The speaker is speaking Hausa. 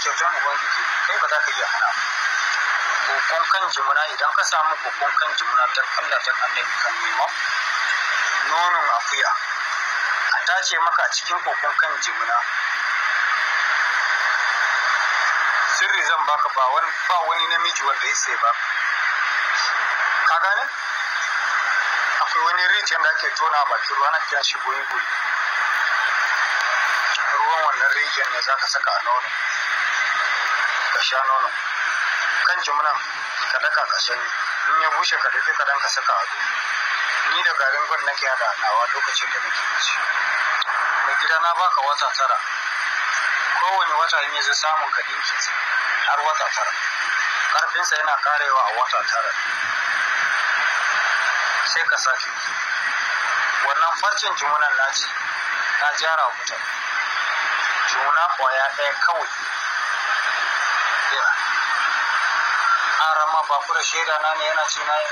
kyautan ubangiji kai ba za ka iya hana kokon kan jimuna idan ka samu kokon kan jimuna don allah don annabi kan nemo nonon akuya a tace maka a cikin kokon kan jimuna sirri zan baka ba wani ba wani namiji wanda ya sai ba ka gane akwai wani rijiyar da ake tona a bakin ruwa na kiran shi goyi goyi ruwan wannan rijiyar ne za ka saka a nono ka sha nono kan jimnan ka daka ka sani in ya bushe ka daidai ka dan ka saka a ni da garin gwan nake hada nawa lokacin da nake ci mai gida na baka wata tara kowane wata in yanzu samun ka dinki har wata tara karfinsa yana karewa a wata tara sai ka sake wannan farcin jumunan naci na jara wuta juna kwaya ɗaya kawai an rama ba ku shaida na ne yana ce na yi